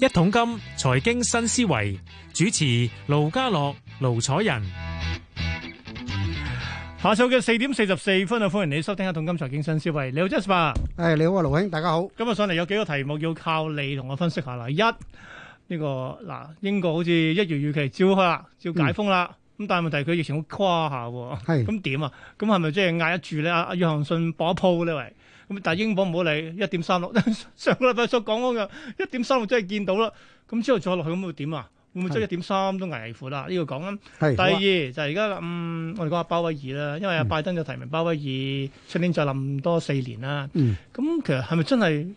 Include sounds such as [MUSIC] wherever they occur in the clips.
一桶金財經新思維主持盧家樂、盧楚仁，下晝嘅四點四十四分啊，歡迎你收聽一桶金財經新思維。你好，Jasper。你好啊，盧兄，大家好。今日上嚟有幾個題目要靠你同我分析下啦。一呢、這個嗱，英國好似一如預期，照開啦，照解封啦。咁、嗯、但係問題佢疫情好誇下喎。係是。咁點啊？咁係咪即係壓得住咧？阿阿約翰遜博一鋪咧？位？咁但係英鎊唔好理，一點三六。上個禮拜所講嗰個一點三六真係見到啦。咁之後再落去，咁會點啊？會唔會真係一點三都危闊啦、啊？呢、呢個講啦、啊。是第二、啊、就係而家諗，我哋講下鮑威爾啦，因為阿拜登就提名鮑威爾，出、嗯、年就諗多四年啦。咁、嗯、其實係咪真係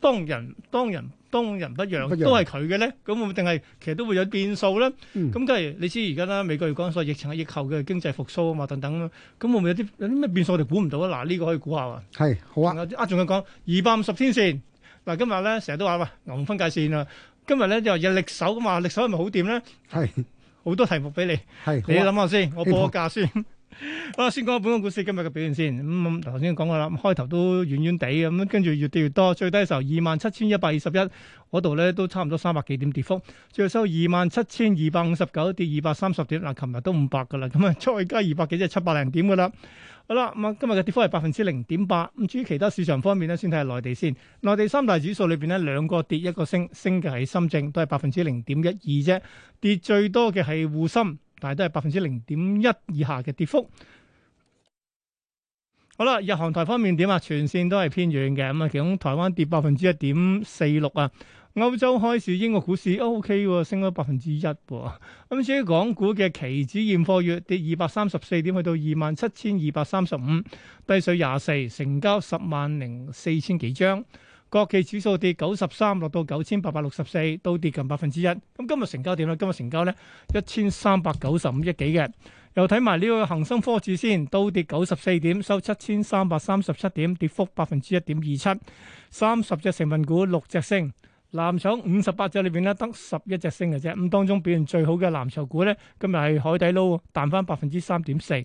當人當人，當人當人不讓，不讓都係佢嘅咧，咁會唔會定係其實都會有變數咧？咁梗係你知而家啦，美國要講所謂疫情疫後嘅經濟復甦啊嘛，等等咁，咁會唔會有啲有啲咩變數我哋估唔到咧？嗱，呢個可以估下喎。係好啊。啊，仲有講二百五十天線嗱、啊，今日咧成日都話哇牛熊分界線啊，今日咧又日力手咁話，力手係咪好掂咧？係好多題目俾你，啊、你諗下先，我報個價先。好啦，先講下本港股市今日嘅表現先。咁頭先講過啦，開頭都遠遠地咁，跟住越跌越多。最低嘅時候二萬七千一百二十一，嗰度咧都差唔多三百幾點跌幅。最後收二萬七千二百五十九，跌二百三十點。嗱，琴日都五百噶啦，咁啊再加二百幾，即係七百零點噶啦。好啦，咁、嗯、啊今日嘅跌幅係百分之零點八。咁至於其他市場方面咧，先睇下內地先。內地三大指數裏邊咧，兩個跌一個升，升嘅係深證，都係百分之零點一二啫。跌最多嘅係滬深。但係都係百分之零點一以下嘅跌幅。好啦，日韓台方面點啊？全線都係偏軟嘅咁啊。其中台灣跌百分之一點四六啊。歐洲開市，英國股市 OK 喎，升咗百分之一喎。咁、啊嗯、至於港股嘅期指現貨月跌二百三十四點，去到二萬七千二百三十五，低水廿四，成交十萬零四千幾張。國企指數跌九十三，落到九千八百六十四，都跌近百分之一。咁今日成交點咧？今日成交咧一千三百九十五億幾嘅。又睇埋呢個恒生科指先，都跌九十四點，收七千三百三十七點，跌幅百分之一點二七。三十隻成分股六隻升，藍籌五十八隻裏邊咧得十一隻升嘅啫。咁當中表現最好嘅藍籌股咧，今日係海底撈，彈翻百分之三點四。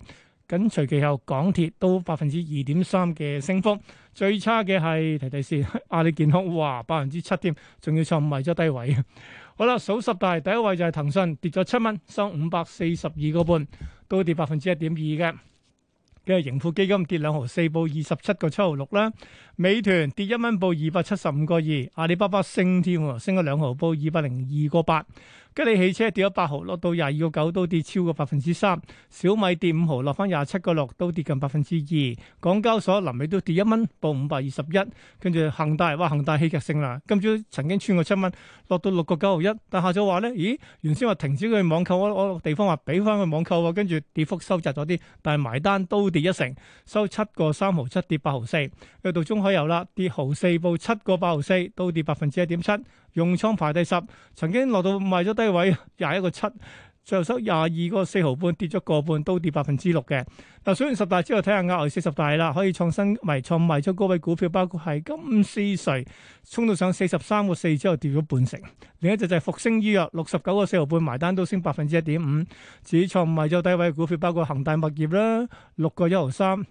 緊隨其後，港鐵都百分之二點三嘅升幅，最差嘅係提提四，亞、啊、阿里健康，哇，百分之七添，仲要創埋咗低位。好啦，數十大，第一位就係騰訊，跌咗七蚊，收五百四十二個半，都跌百分之一點二嘅。嘅盈富基金跌兩毫四，報二十七個七毫六啦。美團跌一蚊，報二百七十五個二。阿里巴巴升添喎，升咗兩毫四，報二百零二個八。吉利汽車跌咗八毫，落到廿二個九，都跌超過百分之三。小米跌五毫，落翻廿七個六，都跌近百分之二。港交所臨尾都跌一蚊，報五百二十一。跟住恒大，話恒大戲劇性啦，今朝曾經穿過七蚊，落到六個九毫一。但下晝話咧，咦，原先話停止佢網購，我我地方話俾翻佢網購喎，跟住跌幅收窄咗啲，但係埋單都跌一成，收七個三毫七，跌八毫四。去到中海油啦，跌毫四，報七個八毫四，都跌百分之一點七。用倉排第十，曾經落到賣咗低位廿一個七，最後收廿二個四毫半，跌咗個半都跌百分之六嘅。嗱，數完十大之後睇下額外四十大啦，可以創新埋創埋咗高位股票，包括係金斯瑞衝到上四十三個四之後跌咗半成。另一隻就係復星醫藥六十九個四毫半埋單都升百分之一點五，至於創埋咗低位股票包括恒大物業啦，六個一毫三。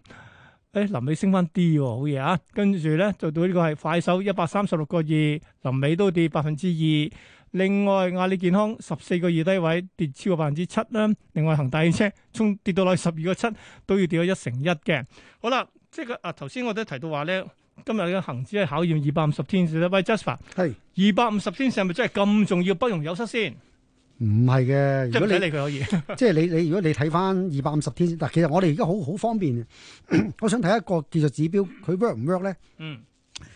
誒，臨尾、哎、升翻啲喎，好嘢啊！跟住咧做到呢個係快手一百三十六個二，臨尾都跌百分之二。另外亞利健康十四個二，低位跌超過百分之七啦。另外恒大汽車衝跌到落去十二個七，都要跌咗一成一嘅。好啦，即係個啊頭先我都提到話咧，今日嘅恒指係考驗二百五十天線啦。喂 Jasper，係二百五十天線係咪真係咁重要，不容有失先？唔係嘅，如果你理佢可以，即係你 [LAUGHS] 你如果你睇翻二百五十天嗱，其實我哋而家好好方便。 [COUGHS] 我想睇一個技術指標，佢 work 唔 work 咧？嗯，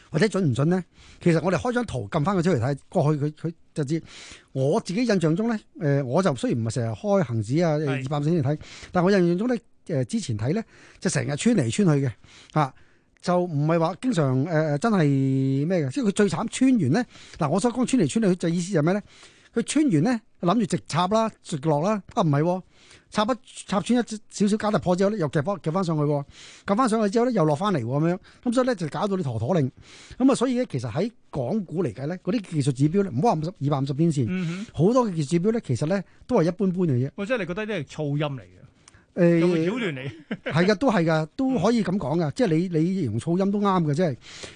或者準唔準咧？其實我哋開張圖撳翻佢出嚟睇，過去佢佢就知。我自己印象中咧，誒、呃，我就雖然唔係成日開恒指啊二百五十天嚟睇，是的 但我印象中咧，誒、呃，之前睇咧就成日穿嚟穿去嘅，吓、啊、就唔係話經常誒誒、呃、真係咩嘅。即係佢最慘穿完咧，嗱，我想講穿嚟穿去就意思係咩咧？佢穿完咧，諗住直插啦，直落啦。啊，唔係、喔，插一插穿一少少假突破之後咧，又夾翻夾翻上去，夾翻上去之後咧，又落翻嚟咁樣。咁、嗯、所以咧就搞到啲陀陀令。咁、嗯、啊，所以咧其實喺港股嚟計咧，嗰啲技術指標咧，唔好話五十二百五十天線，好多嘅技術指標咧，其實咧都係一般般嘅啫。我即係你覺得啲係噪音嚟嘅。誒，擾亂你係噶，都係噶，都可以咁講噶，即係你你形容噪音都啱嘅，即係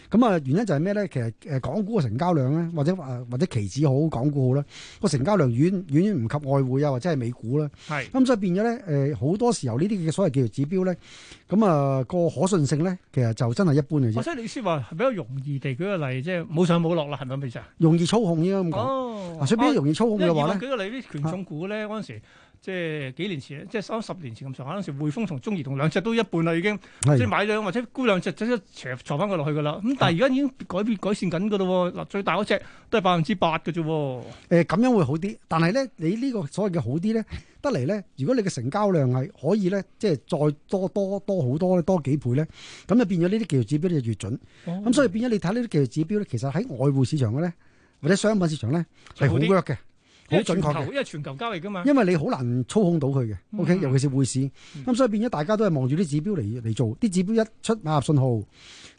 咁啊。原因就係咩咧？其實誒，港股嘅成交量咧，或者誒或者期指好，港股好啦，個成交量遠遠遠唔及外匯啊，或者係美股啦。係咁是，所以變咗咧，誒，好多時候呢啲嘅所謂叫做指標咧，咁、那、啊個可信性咧，其實就真係一般嘅啫。所以、哦、你先話係比較容易地舉個例，即係冇上冇落啦，係咪啊？米容易操控應該咁講。哦、所以比較容易操控嘅話咧？舉、啊、個例啲權重股咧，嗰陣時。即係幾年前，即係三十年前咁長嗰陣時，匯豐同中移動兩隻都一半啦，已經即係的買兩或者沽兩隻，即係斜坐翻佢落去噶啦。咁但係而家已經改變改善緊噶啦。嗱，最大嗰隻都係百分之八嘅啫。誒，咁、呃、樣會好啲，但係咧，你呢個所謂嘅好啲咧，得嚟咧，如果你嘅成交量係可以咧，即係再多多多好多多幾倍咧，咁就變咗呢啲技術指標就越準。咁、哦、所以變咗你睇呢啲技術指標咧，其實喺外匯市場嘅咧，或者商品市場咧係好 work 嘅。好準確，因為全球交易噶嘛，因為你好難操控到佢嘅，OK、嗯、哼尤其是匯市，咁、嗯、所以變咗大家都係望住啲指標嚟嚟做，啲指標一出買入信號，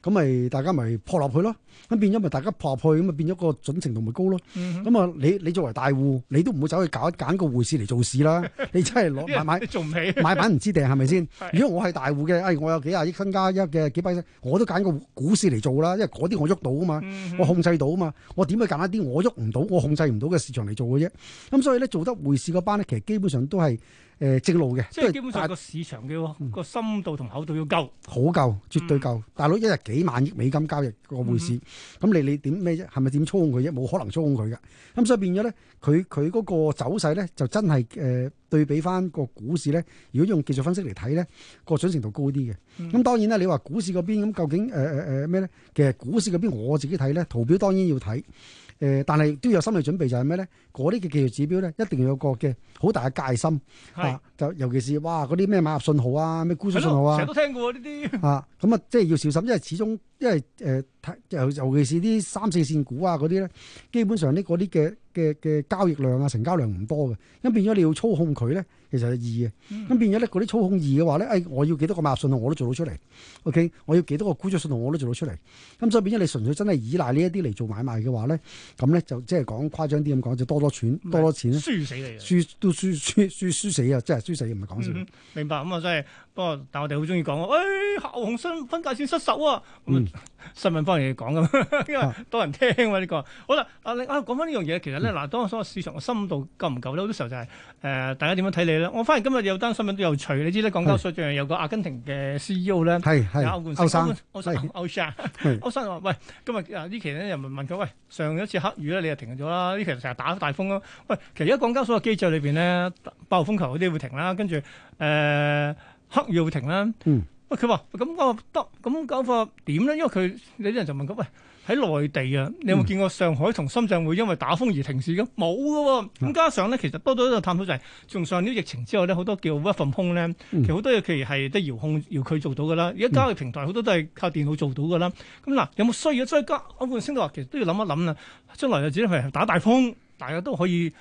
咁咪大家咪撲落去咯，咁變咗咪大家撲落去，咁咪變咗個準程度咪高咯，咁啊、嗯、哼你你作為大戶，你都唔會走去搞一揀個匯市嚟做事啦，嗯、哼你真係攞買買做尾買板唔知定係咪先？是是 [LAUGHS] 如果我係大戶嘅，哎我有幾廿億身家一嘅幾百億，我都揀個股市嚟做啦，因為嗰啲我喐到啊嘛，我控制到啊嘛，我點去揀一啲我喐唔到，我控制唔到嘅市場嚟做嘅啫。咁、嗯、所以咧做得匯市嗰班咧，其實基本上都係誒正路嘅，即係基本上個市場嘅個、嗯、深度同厚度要夠，好夠絕對夠。嗯、大佬一日幾萬億美金交易，個匯市，咁、嗯、你你點咩啫？係咪點操控佢啫？冇可能操控佢噶。咁、嗯、所以變咗咧，佢佢嗰個走勢咧，就真係誒、呃、對比翻個股市咧。如果用技術分析嚟睇咧，個準成度高啲嘅。咁、嗯嗯、當然啦，你話股市嗰邊咁究竟誒誒誒咩咧？其實股市嗰邊我自己睇咧，圖表當然要睇。誒，但係都要有心理準備就，就係咩咧？嗰啲嘅技術指標咧，一定要有個嘅好大嘅戒心，嚇是、呃！就尤其是哇嗰啲咩買入信號啊，咩沽出信號啊，成日都聽過呢啲。嚇！咁啊，即係要小心，因為始終因為誒，尤、呃、尤其是啲三四線股啊嗰啲咧，基本上呢嗰啲嘅嘅嘅交易量啊，成交量唔多嘅，咁變咗你要操控佢咧。其實係易嘅，咁、嗯、變咗咧嗰啲操控易嘅話咧，誒、哎，我要幾多個買信號我都做到出嚟，OK？我要幾多個沽出信號我都做到出嚟，咁所以變咗你純粹真係依賴呢一啲嚟做買賣嘅話咧，咁咧就即係講誇張啲咁講，就多多錢，是多多錢輸死你，輸都輸輸輸輸死啊！即係輸死又唔係講笑、嗯。明白咁啊，即、嗯、係。不過，但我哋好中意講啊！哎，恆生分界線失守啊！咁、嗯、新聞方面嚟講咁，因為多人聽嘛呢、這個。好啦，啊你啊講翻呢樣嘢其實咧嗱，嗯、當我所市場嘅深度夠唔夠咧，好多時候就係、是、誒、呃，大家點樣睇你咧？我反而今日有單新聞都有趣，你知咧，港交所最近有個阿根廷嘅 CEO 咧，係係歐生歐生歐生歐生話：喂，今日啊呢期咧人問問佢，喂上一次黑雨咧，你又停咗啦？呢期成日打大風咯。喂，其實而家港交所嘅機制裏邊咧，暴風球嗰啲會停啦，跟住誒。呃黑要停啦，喂佢話咁個得咁搞法點咧？因為佢有啲人就問咁，喂喺內地啊，你有冇見過上海同深圳會因為打風而停市咁冇噶？咁、嗯啊、加上咧，其實多多少探討就係、是，除上呢疫情之後咧，好多叫一份空咧，嗯、其實好多嘢，其實係都是遙控遙距做到噶啦。而家交易平台好多都係靠電腦做到噶啦。咁、嗯、嗱、嗯啊，有冇需要？所以加本身都話，其實都要諗一諗啊。將來就只係打大風，大家都可以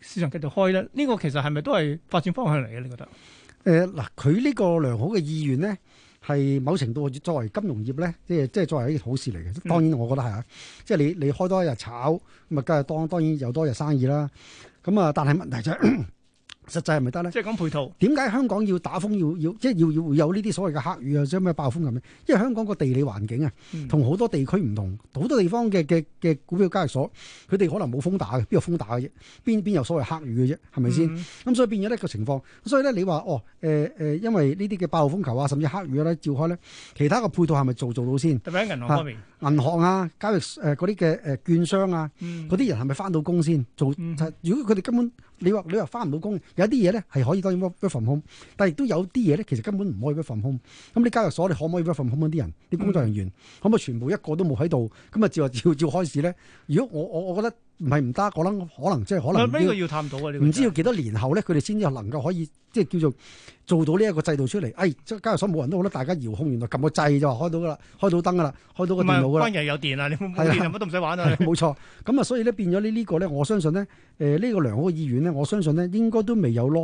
市場繼續開咧。呢、這個其實係咪都係發展方向嚟嘅？你覺得？誒，嗱、呃，佢呢個良好嘅意願咧，係某程度作為金融業咧，即係即係作為一件好事嚟嘅。當然，我覺得係啊，嗯、即係你你開多一日炒，咁啊，梗係當當然有多一日生意啦。咁啊，但係問題就係。 [COUGHS] 實際係咪得咧？即係講配套，點解香港要打風要要即係要要有呢啲所謂嘅黑雨或者咩暴風咁樣？因為香港個地理環境啊，同好多地區唔同，好多地方嘅嘅嘅股票交易所，佢哋可能冇風打嘅，邊有風打嘅啫？邊邊有，有所謂黑雨嘅啫？係咪先？咁、嗯嗯、所以變咗呢個情況，所以咧你話哦誒誒、呃，因為呢啲嘅暴風球啊，甚至黑雨咧，召開咧，其他嘅配套係咪做一做到先？特別喺銀行方面。銀行啊，交易所誒嗰啲嘅誒券商啊，嗰啲、嗯、人係咪翻到工先做？如果佢哋根本你話你話翻唔到工，有啲嘢咧係可以當然 work from home，但係亦都有啲嘢咧，其實根本唔可以 work from home。咁你交易所你可唔可以 work from home 啲人？啲工作人員、嗯、可唔可以全部一個都冇喺度？咁啊，照話照要開始咧？如果我我我覺得。唔係唔得，我諗可能即係可能，呢個要探到啊。呢個，唔知要幾多年後咧，佢哋先至能夠可以即係、就是、叫做做到呢一個制度出嚟。誒、哎，即係交易所冇人都好得，大家遙控原來撳個掣就開到噶啦，開到燈噶啦，開到個電腦啦。關鍵係有電啊！的你冇乜的都唔使玩啊！冇錯。咁啊，所以咧變咗呢呢個咧，我相信咧，誒呢個良好嘅意願咧，我相信咧應該都未有耐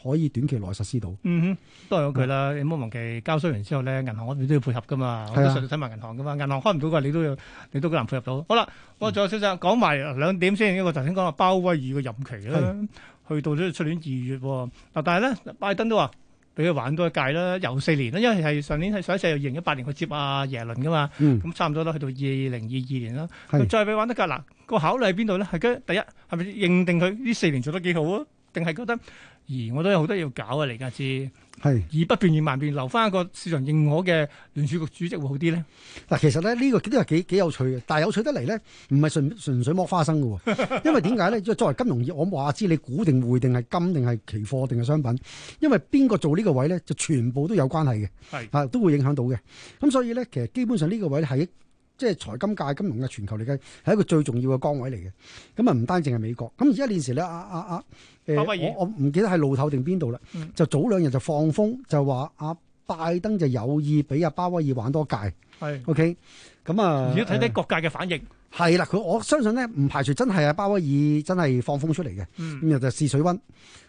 可以短期內實施到。嗯哼，都有佢啦，嗯、你冇忘記交收完之後咧，銀行嗰邊都要配合噶嘛，的我都實睇埋銀行噶嘛，銀行開唔到嘅你都要你都難配合到。好啦，我仲有消息講埋兩。點先？因為頭先講話鮑威爾個任期啦，是去到都出年二月。嗱，但係咧，拜登都話俾佢玩多一屆啦，又四年啦，因為係上年係上一世又二零一八年去接阿耶倫噶嘛，咁、嗯、差唔多都去到二零二二年啦。是再俾玩得架嗱，個考慮喺邊度咧？係嘅，第一係咪認定佢呢四年做得幾好啊？定係覺得？而我都有好多要搞啊！嚟家先，係而不變而萬變，留翻一個市場認可嘅聯儲局主席會好啲咧。嗱，其實咧呢個都係幾幾有趣嘅，但係有趣得嚟咧，唔係純純粹剝花生嘅喎。 [LAUGHS] 因為點解咧？因為作為金融業，我話知你股定匯定係金定係期貨定係商品，因為邊個做呢個位咧，就全部都有關係嘅，係是啊，都會影響到嘅。咁所以咧，其實基本上呢個位咧係。即係財金界、金融嘅全球嚟講，係一個最重要嘅崗位嚟嘅。咁啊，唔單淨係美國。咁而家呢時咧，阿阿阿，誒、啊呃，我我唔記得係路透定邊度啦。嗯、就早兩日就放風，就話阿拜登就有意俾阿鮑威爾玩多屆。係是，OK，咁、嗯、啊。如果睇睇各界嘅反應，係啦、嗯，佢我相信咧，唔排除真係阿鮑威爾真係放風出嚟嘅。嗯。咁又就試水溫。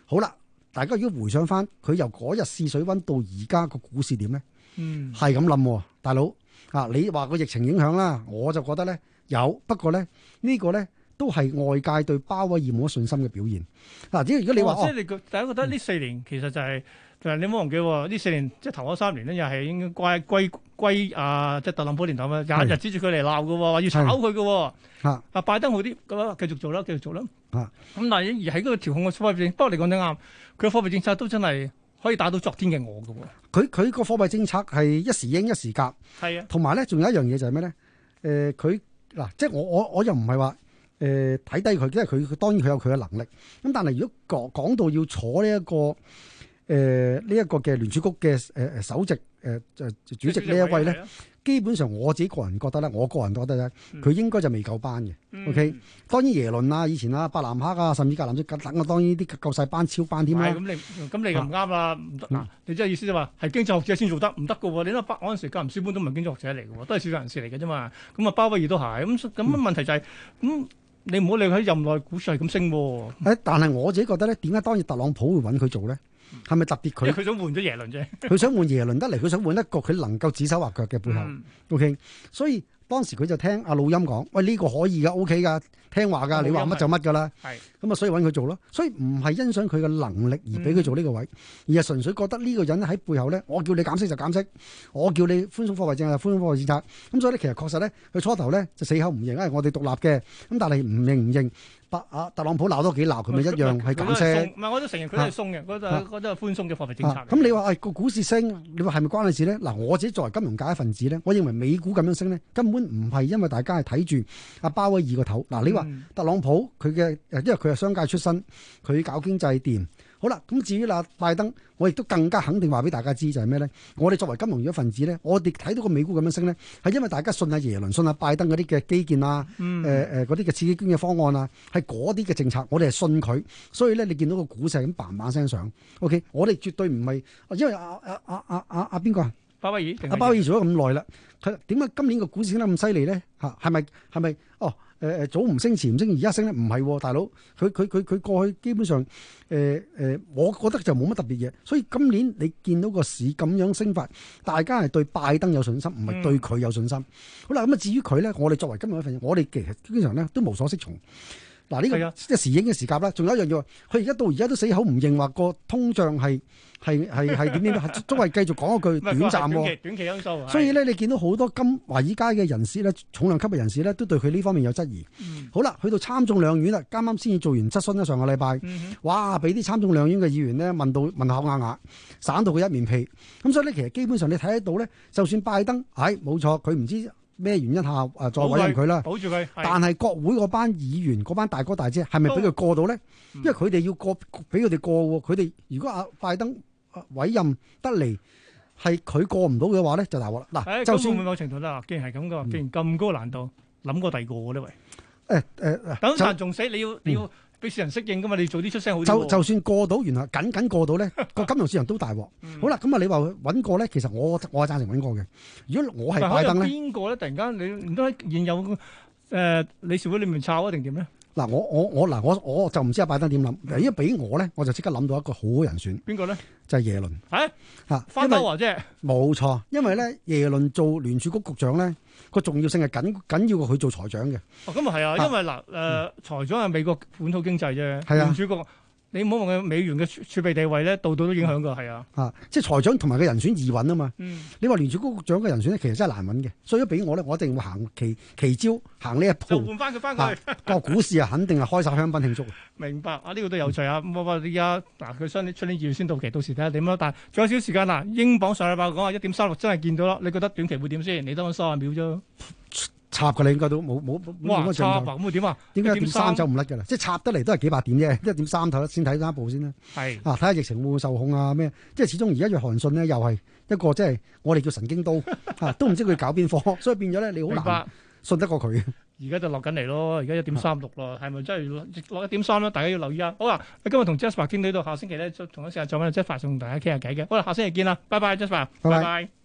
好啦，大家如果回想翻，佢由嗰日試水溫到而家個股市點咧？嗯。係咁冧，大佬。啊！你話個疫情影響啦，我就覺得咧有，不過咧呢個咧都係外界對鮑威爾冇信心嘅表現。嗱，只要如果你話，哦哦、即係你第一、嗯、覺得呢四年其實就係、是、誒，你唔好忘記呢四年即係頭嗰三年咧，又係應該歸歸歸啊，即係特朗普年代咁樣日日指住佢嚟鬧嘅，話要炒佢嘅。吓是啊，拜登好啲咁啊，繼續做啦，繼續做啦。吓咁但係而喺嗰個調控嘅貨幣政策，不過你講得啱，佢貨幣政策都真係。可以打到昨天嘅我嘅喎，佢佢個貨幣政策係一時鷹一時鴿，係啊，同埋咧仲有一樣嘢就係咩咧？誒、呃，佢嗱、啊，即係我我我又唔係話誒睇低佢，即係佢當然佢有佢嘅能力。咁但係如果講講到要坐呢、這、一個誒呢一個嘅聯儲局嘅誒誒首席誒誒、呃、主席呢一位咧？基本上我自己個人覺得咧，我個人覺得咧，佢、嗯、應該就未夠班嘅。嗯、o、okay? K，當然耶倫啊、以前啊、伯南克啊，甚至格林斯等啊，當然啲夠晒班超班添、啊。咩？咁你咁你又唔啱啦，唔得、啊。你即係意思就話係經濟學者先做得，唔得嘅喎。你睇伯嗰陣時格林斯潘都唔係經濟學者嚟嘅喎，都係少數人士嚟嘅啫嘛。咁啊，鮑威爾都係咁，咁問題就係、是、咁、嗯嗯，你唔好理佢喺任內股市係咁升喎、啊。但係我自己覺得咧，點解當年特朗普會揾佢做咧？係咪特別佢？佢想換咗耶倫啫，佢 [LAUGHS] 想換耶倫得嚟，佢想換一個佢能夠指手畫腳嘅背後。嗯、OK，所以當時佢就聽阿老欽講，喂呢、這個可以噶，OK 噶。聽話噶，你話乜就乜噶啦。係咁啊，所以搵佢做咯。所以唔係欣賞佢嘅能力而俾佢做呢個位，而係純粹覺得呢個人喺背後咧，我叫你減息就減息，我叫你寬鬆貨幣政策就寬鬆貨幣政策。咁所以咧，其實確實咧，佢初頭咧就死口唔認，誒，我哋獨立嘅。咁但係唔認唔認，白啊特朗普鬧多幾鬧，佢咪一樣係減息。唔係，我都承認佢都係鬆嘅，嗰隻嗰隻寬鬆嘅貨幣政策。咁你話誒個股市升，你話係咪關你事咧？嗱，我自己作為金融界一份子咧，我認為美股咁樣升咧，根本唔係因為大家係睇住阿鮑威爾個頭。嗱，你話。特朗普佢嘅，因為佢係商界出身，佢搞經濟掂。好啦，咁至於阿拜登，我亦都更加肯定話俾大家知就係咩咧？我哋作為金融業嘅份子咧，我哋睇到個美股咁樣升咧，係因為大家信阿耶倫、信阿拜登嗰啲嘅基建啊，誒誒嗰啲嘅刺激經濟方案啊，係嗰啲嘅政策，我哋係信佢，所以咧你見到個股市咁嘭嘭聲上。OK，我哋絕對唔係，因為阿阿阿阿阿阿邊個啊？鮑威爾啊？鮑威爾做咗咁耐啦，佢點解今年個股市升得咁犀利咧？吓，係咪係咪哦？誒誒，早唔升，升，前唔升，而家升咧，唔係，大佬，佢佢佢佢過去基本上，誒、呃、誒、呃，我覺得就冇乜特別嘢，所以今年你見到個市咁樣升法，大家係對拜登有信心，唔係對佢有信心。嗯、好啦，咁啊，至於佢咧，我哋作為今日一份，我哋其實經常咧都無所適從。嗱呢、啊這個一時影嘅時隔啦，仲有一樣嘢，佢而家到而家都死口唔認話個通脹係係係係點樣，都係繼續講一句短暫 [LAUGHS] 短期因素。所以咧，的你見到好多金華爾街嘅人士咧，重量級嘅人士咧，都對佢呢方面有質疑。嗯、好啦，去到參眾兩院啦，啱啱先至做完質詢啦，上個禮拜，嗯、哼哇！俾啲參眾兩院嘅議員咧問到問口啞啞，省到佢一面屁。咁所以咧，其實基本上你睇得到咧，就算拜登，唉、哎，冇錯，佢唔知。咩原因下誒、啊、再委任佢啦？保住佢。但係國會嗰班議員嗰班大哥大姐係咪俾佢過到咧？嗯、因為佢哋要過，俾佢哋過喎。佢哋如果阿、啊、拜登委任得嚟，係佢過唔到嘅話咧，就大鑊啦。嗱、啊，就算、欸、會會某程度啦，既然係咁嘅話，嗯、既然咁高難度，諗過第二個咧，喂。誒誒、欸，欸、等陣仲死、嗯你，你要你要。嗯俾市人適應噶嘛？你早啲出聲好啲。就就算過到，原來僅僅過到咧，個 [LAUGHS] 金融市場都大鑊。嗯、好啦，咁啊，你話揾過咧，其實我我係贊成揾過嘅。如果我係拜登咧，邊個咧？突然間你唔通喺現有誒理事會裏面炒啊？定點咧？嗱，我我我嗱，我我就唔知阿拜登點諗，因為俾我咧，我就即刻諗到一個好好人選，邊個咧？就係耶倫。嚇嚇、啊，翻包啊！啫，冇錯，因為咧，耶倫做聯儲局局長咧，個重要性係緊緊要過佢做財長嘅。哦，咁啊係啊，因為嗱誒、啊呃，財長係美國本土經濟啫，嗯、聯儲局。你唔好問佢美元嘅儲儲備地位咧，度度都影響噶係啊，啊，即係財長同埋個人選易揾啊嘛，嗯，你話聯儲局局長嘅人選咧，其實真係難揾嘅，所以俾我咧，我一定會行其奇招，其其行呢一步，就換翻佢翻去，個、 [LAUGHS] 啊、股市啊，肯定係開晒香檳慶祝，明白，啊呢、這個都有趣啊，唔好話而家嗱，佢想呢出年二月先到期，到時睇下點咯，但係仲有少少時間嗱、啊，英鎊上禮拜講話一點三六，真係見到咯，你覺得短期會點先？你都三十秒啫。 [LAUGHS] 插㗎你應該都冇冇冇咁嘅程度。哇！插咁會點啊？點解一點三走唔甩嘅啦？1. 3? 即係插得嚟都係幾百點啫，一點三睇得先睇得一步先啦。係是啊，睇下疫情會唔會受控啊？咩？即係始終而家約韓信咧，又係一個即係我哋叫神經刀嚇、 [LAUGHS] 啊，都唔知佢搞邊科， [LAUGHS] 所以變咗咧，你好難信得過佢。而家白就落緊嚟咯，而家一點三六咯，係咪真係落一點三咧？大家要留意啊！好啦，你今日同 Jasper 傾到呢度，下星期咧，就同一時間做翻 Jasper 同大家傾下偈嘅。好啦，下星期見啦，拜拜，Jasper，拜拜。拜拜。